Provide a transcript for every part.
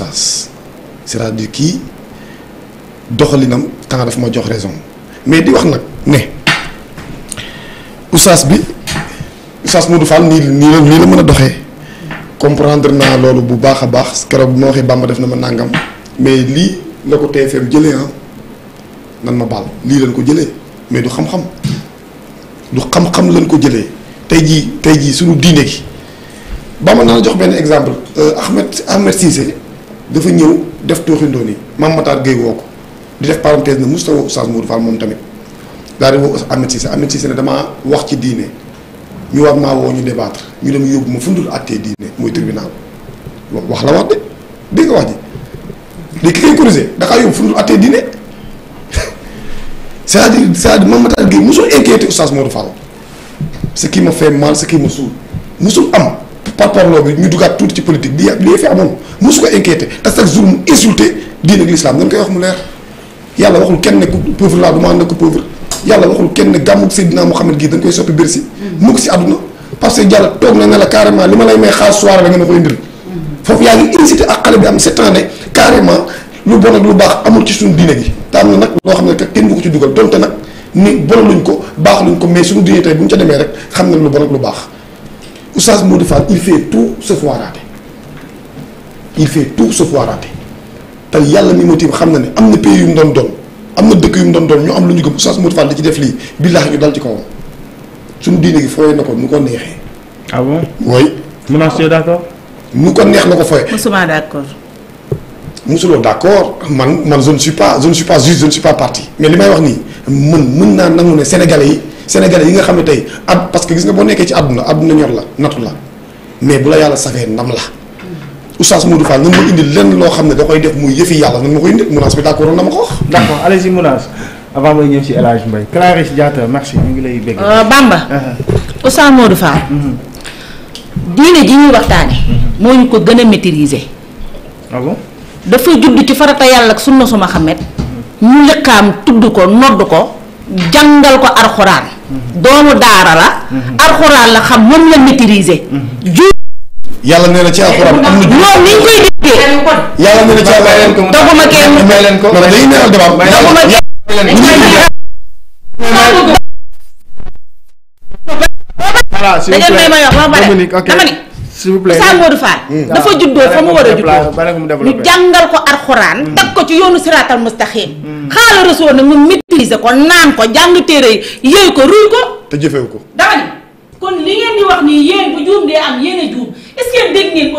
sens c'est-à-dire kii doxalinam temps daf ma jox raison mais di wax nag ne oustaz bi oustaz Modou Fall nii nii la la mën a doxee comprendre naa loolu bu baax a baax keroog bi ma waxee Bamba def na ma nàngam mais lii la ko TFM jëlee ah nan ma baal lii lañ ko jëlee mais du xam-xam du xam-xam lañ ko jëlee tey jii tey jii suñu diine gi Bamba naa jox benn exemple euh, Ahmed Ahmed Cissé. dafa ñëw def tooxindoon yi Mame Matar Gueye woo ko di def parenthèse na mosut a woo Oustaz Modou moom tamit daal di woo Ahmed Cissé Ahmed Cissé ne damaa wax ci diine ñu war maa woo ñu débattre ñu dem yóbbu ma fu ndul attee diine mooy tribunal loolu wax la wax de dégg wax ji di ki koy da kaa yóbbu fu ndul attee diine c'est-à-dire c'est-à-dire Mame Matar Gueye mosul inquiété Oustaz Modou Fall m'a fait mal ce qui m'a suul mosul am. parparloo bi ñu dugaat tuuti ci politique bi lii fi amoon mosu ko inquiété te chaque jour mu insulté diine ak l'islam ngeen koy wax mu leer yàlla waxul kenn ne ku pauvre laa du ma ànd ne gàmmug Seydina Mouhamed gii dañ koy soppi Bercy mm. mu ko si àdduna parce que yàlla toog na ne la li ma lay may xaar soirée la ngeen ko indil mm. foofu yaa ngi incité ak xale bi am sept ans lu bon ak lu baax amul ci suñu diine gi te am na nag loo xam ne kenn du ko ci dugal donte nag ni ko baax luñ ko suñu diine tey bu ñu demee rek xam ne lu bon ak lu baax Oustaz Modou Fall il fait tout sauf waaraate il fait tout sauf waaraate te yàlla mi ma tiim xam na ne am na pays yu mu doon doon am na dëkk yu mu doon doon ñu am lu ñu gëm Oustaz Modou Fall di ci def lii billaahi ñu dal ci kawam suñu diine gi fooyee na ko nu ko neexee. ah bon oui. menacé d'accord. nu ko neex na ko fooyee. musuma d'accord. musuloo d'accord man man je ne suis pas je ne suis pas juge parti mais li may wax nii man mën naa nangu ne sénégalais yi. sénégalais yi nga xam ne tey ab parce que gis nga boo nekkee ci àdduna àdduna ñor la natu la mais bu la yàlla safee ndam la Oustaz Modou Fall nan indi lenn loo xam ne da def muy y Mounas avant may ñëw ci El Hadj ngi lay bégg euh, Bamba uh-huh. Oustaz Modou Fall mm-hmm. diine ji ñuy waxtaane mm-hmm. moo ñu ko gën a maîtriser ah dafa judd ci farata yàlla ak sunna suma xamet mm-hmm. ñu lëkkaam tudd ko nodd ko jàngal ko arxuraan doomu daara la mm-hmm. arxuraan la xam moom la maîtriser mm-hmm. ju yàlla nee ci alxuraan am na. moom ni ñu déggee. yàlla nee na kenn. may kenn. s'il vous plaît Oustaz Modou Fall hmm. dafa juddoo fa mu war a juddoo ñu jàngal ko alxuraan hmm. teg ko ci yoonu siraatal mustaqim hmm. xaala rasul nag ñu maîtriser ko naan ko jàng téere yi ko ruy ko te jëfewu ko dama kon li ngeen di wax nii yéen bu juum de am yéen a juum est-ce que dégg ngeen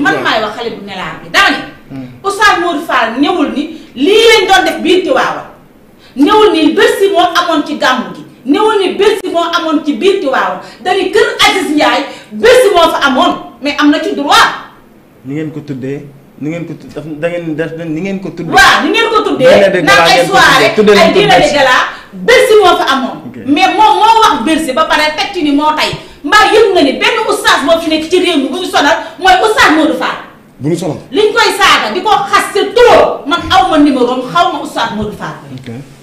man maay wax xale bu nelaar bi dama ni Oustaz Modou Fall newul ni lii doon def biir Tiwaawan newul ni bés si moo amoon ci gàmmu gi newul ni Bercy moo amoon ci biir Tiwaawan dañu kër Aziz Ndiaye Bercy moo fa amoon mais am na ci droit. ni ngeen ko tuddee ni ngeen ko tudd da ngeen def ni ngeen ngeen ko tuddee naan ay soirée ay dîner de gala Bercy moo fa amoon. mais moom moo wax Bercy ba pare teg ci ni moo tey mbaa yëg nga ni benn oustaz moo fi nekk ci réew mi bu ñu sonal mooy oustaz Modou Fall. bu ñu sonal liñ koy saaga di ko xas c'est trop man aw ma numéro xaw ma oustaz Modou Fall.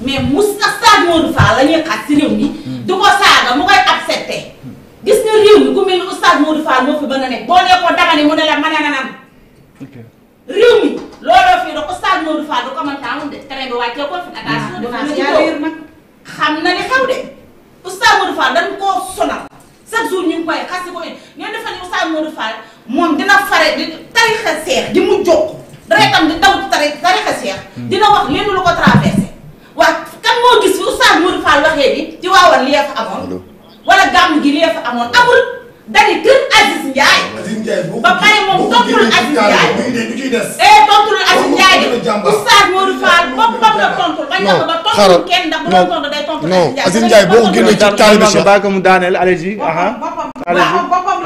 mais Moustapha Modou Fall la ñuy xas ci réew mi. Hmm. du ko saaga mu koy accepté. gis a nekk ne mu ne la mën a ah, moom dina fare di tarixa seex di mu jokk. rekam di daw tari tarixa hmm. dina wax lenn lu ko traversé. kan moo gis fu Oustaz Modou Fall waxee ni ci waawoon li fa amoon. wala gàmm gi li fa amoon amul dañu kër Aziz Ndiaye. ba pare moom tontu na Aziz Ndiaye. eh tontu na Aziz Ndiaye de Oustaz Modou Fall boppam la tontu. non xaaral non non Aziz Ndiaye boo ko génnee ci taalibe Cheikh. baa ko mu daaneel allez-y. boppam boppam la tontu boppam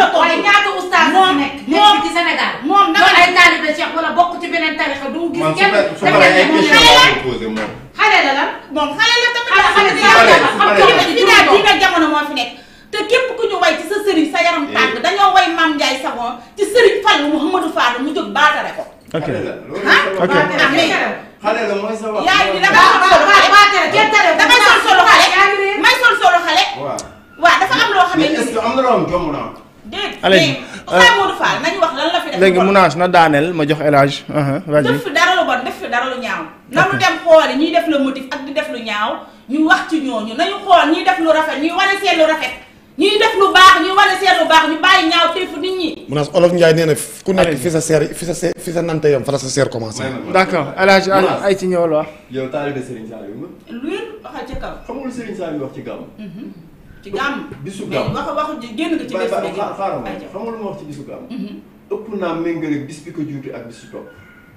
la tontu. waaye ñaata Oustaz la nekk nekk ci Sénégal. moom naka ay taalibe Cheikh wala bokk ci beneen tarixa du gis kenn. xale la lan. moom xale la tamit. xale bi xale bi jamono moo fi nekk. te képp ku ñu way ci sa sëriñ sa yaram tàng eh. dañoo way Mame Ndiaye Savon ci sëriñ Fall Mouhamadou Fall mu jóg baatare ko. ok ok ah? ah, xale la mooy sa wax. may sol solo xale. waaw dafa am loo xam ne. mais am nga loo am jom naa. déedéet mais euh, Mouhamadou Fall nañu na daaneel ma jox fi dara lu ñaaw. nanu dem xooli ñuy def le motif ak di def lu ñaaw ñu wax ci ñooñu nañu xool ñuy def lu rafet ñuy wane seen lu rafet ñuy def lu baax ñuy wane seen lu baax ñu bàyyi ñaaw tey fu nit ñi. mu naas olof Ndiaye nee na ku nekk fi sa seer fi sa seer fi sa nante yam fa la sa seer commencé. d'accord El Hadj ay ci ñëw la wax. yow taalibe Serigne Saliou lu waxal ci kaw. xamul Serigne Saliou wax ci gàmm. Mhm. ci gàmm bisu gàmm wax wax génn nga ci bés bi. xaaral ma xamul ma wax ci bisu gàmm. Mhm. ëpp naa méngale bis bi ko juuti ak bisu topp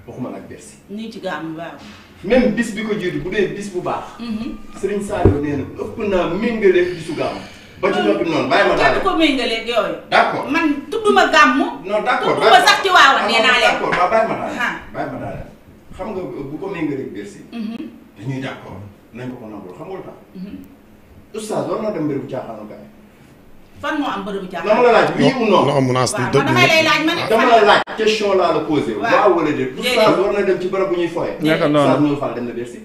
waxuma nag Bercy. nii ci gàmm waaw. même bis bi ko jiitu bu dee bis bu baax. Mhm. Serigne Saliou nee na ëpp naa méngaleeg bisu gàmm. ba ci noppi noonu bàyyi ma daal ko méngaleeg yooyu. d' accord man tudduma gàmm. non d' accord tudduma sax ci waawa nee naa leen. d' accord waaw bàyyi ma daal bàyyi ma daal xam nga bu ko méngaleeg Bercy. Mhm. dañuy d' accord nañ ko ko nangul xam nga lu tax. Mhm. oustaz war naa dem mbir bu caaxaanu gaay fan moo am bërëbu jàkkaarloo. dama la laaj oui ou non. non munaas dëgg bu ñuy fooyee. nekk noonu oustaz Nour Fall dem na Bercy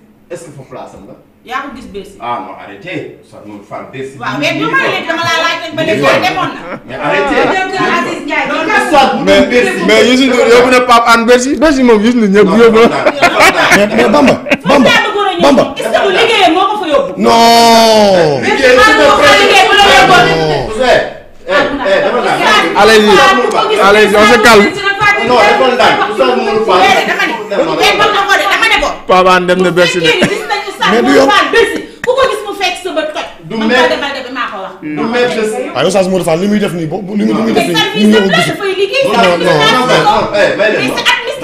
ah mais bu mais arrêté mais mais Youssou Ndour yóbbu na Pape Anne Bercy Bercy moom Bamba Bamba non. Eh, ah, eh, allez on se calme. non Pape dem na Bercy de. mais du yow ku ko gis mu fekk sa bët toj. du mel maa ko wax. du mel de si. waaw yow Sass Modou Fall li muy def nii boobu li muy def nii. ñu ngi ko gis. non non non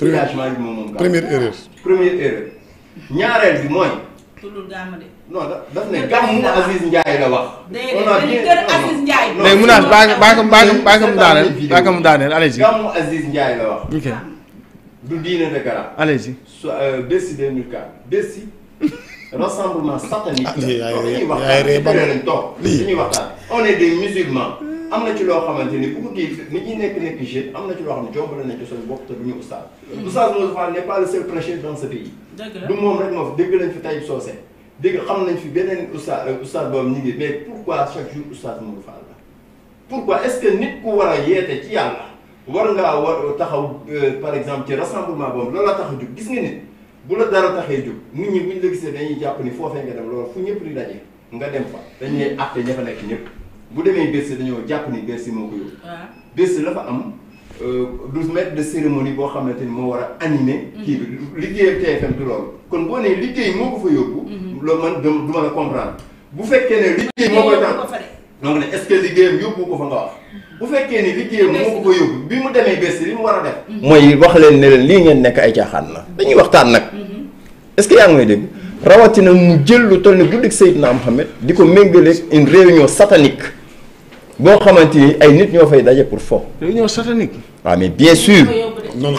dégagement bi moom moom. première erreur. première erreur ñaareel bi mooy. tullul gàmm de. non daf ne gàmmu Aziz Ndiaye la wax. on a bien kër Aziz Ndiaye. mais Mounass baa nga baa nga baa nga mu daaneel baa nga la wax. ok du diine de garab. allez-y. so Bercy 2004 Bercy rassemblement satanique. ah lii yaay ree yaay ree ba. on am na ci loo xamante ni bu ko kii nit ñi nekk nekk jeune am na ci loo xam ne jombale nañ ci suñu bopp te du ñu oustaz. oustaz Modou Fall n'est nañ fi beneen oustaz oustaz euh, boobu ñu ngi mais pourquoi chaque jour oustaz Modou Fall la. pourquoi est-ce que nit ku war a yeete ci yàlla war ngaa war taxaw euh, par exemple ci rassemblement boobu loola tax a jug gis nga nit bu la dara taxee jug nit ñi buñ la gisee dañuy jàpp ni foo nga dem loolu fu ñëpp di daje nga dem fa dañ lay àtte ña fa nekk ñëpp. bu demee Bercy dañoo jàpp ni Bercy moo ko yóbbu. Bercy la fa am euh, du maître de cérémonie boo xamante ni moo war a animer. Mhm. kii bi liggéeyam TFM du loolu. kon boo nee liggéey moo ko fa yóbbu. Mhm. loolu man du ma la comprendre bu fekkee ne liggéey moo koy est-ce que liggéeyam ko fa nga bu fekkee ni liggéeyam yóbbu bi mu demee Bercy li mu war a def. Mhm. mooy wax leen ne leen lii ngeen nekk ay caaxaan la dañuy waxtaan nag. est-ce que yaa ngi may rawatina mu jël lu toll ni guddik Seydina Mohamed di ko méngaleeg une réunion satanique. boo xamante ni ay nit ñoo fay daje pour fo. réunion satanique. waaw ah, mais bien sûr.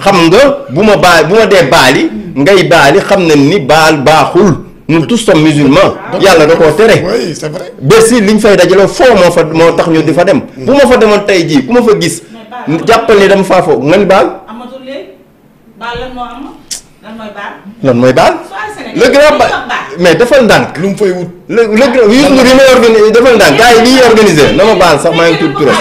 xam nga bu ma baal bu ma dee baali. Hmm. ngay baali xam na ni baal baaxul. nous tous sommes musulmans. yàlla da koo tere. oui c'est vrai. Bercy liñ fay dajaloo foo moo fa moo tax ñu di fa dem. Hmm. bu ma fa demoon tey jii ku ma fa gis. jàppal ni dama faa foo nga ni baal. lan mooy baal. lan mooy le grand ba mais defal ndànk. lu mu fay wut. le le grand Youssou Ndour yi may organiser defal ndànk gars yi ñuy organiser na ma baal sax maa ngi tudd turam.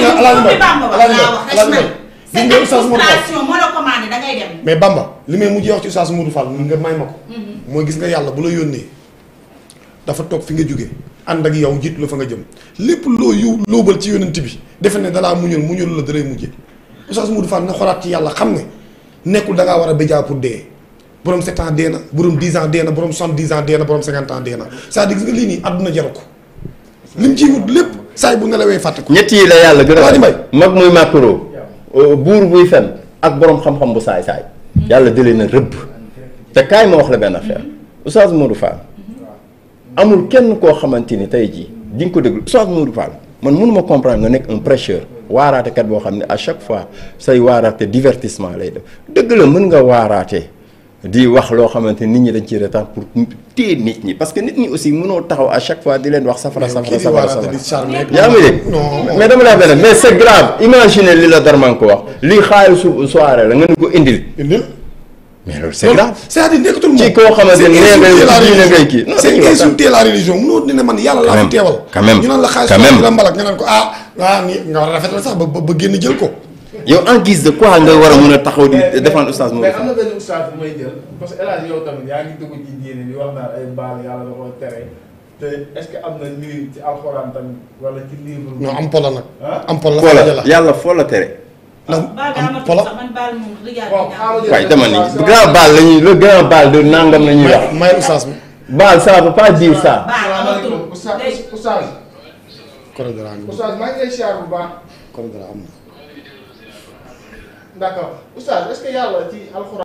mais Bamba li may mujjee wax ci Oustaz Modou Fall nga may ma ko. Mhm. mooy gis nga yàlla bu la yónnee dafa toog fi nga jóge ànd ak yow jiit la fa nga jëm lépp loo yu lóobal ci yónnent bi defe ne dalaa muñul muñul la dalay mujje Oustaz Modou Fall nga xoraat ci yàlla xam ne nekkul danga war a béjaa pour dee borom 7 ans dee na borom 10 ans dee na borom 70 ans dee na borom 50 ans dee na c'est-à-dire gis nga lii nii àdduna jaru lim ciy wut lépp saa bu nelawee fàtte ko. ñett yi la yàlla gën a. waaw mbay mag muy macro. Euh, buur buy fen ak boroom xam-xam bu saay saay. yàlla dëlee na rëbb. te kaay ma wax la benn affaire Oustaz Modou Fall amul kenn koo xamante ni tey jii di nga ko déglu Oustaz Modou man mënuma comprendre nga nekk un prêcheur waaraatekat boo xam ne à chaque fois say waaraate divertissement lay def dëgg la mën nga waaraate di wax loo xamante nit ñi dañ ciy retard pour téye nit ñi parce que nit ñi aussi mënoo taxaw à chaque fois di leen wax safara safara safara safara yaa ngi dégg mais dama laa benn ko wax lii xaalisu soirée la nga ne ko indil mais loolu c'est grave cest kii c'est insulter la religion mënoo man yàlla laa fi teewal quand même ñu naan la xaalis la mbalak nga naan ko ah waa ah, nga rafetal sax ba ba génn jël ko yow en guise de quoi nga war a mën a taxaw di défendre oustaz Modou Fall. mais am na benn oustaz bu parce que El Hadj yow tamit yaa ngi dugg ci diine di wax naan ay baal yàlla da koy tere ce que am na nuyu wala ci livre. non am polo nag. am polo la yàlla foo la tere. ndax am polo waaye dama ni grand baal la ñuy grand baal de nangam la ñuy wax. may oustaz bi. baal ça veut pas dire d' accord oustaz est ce que yàlla ci alxuraan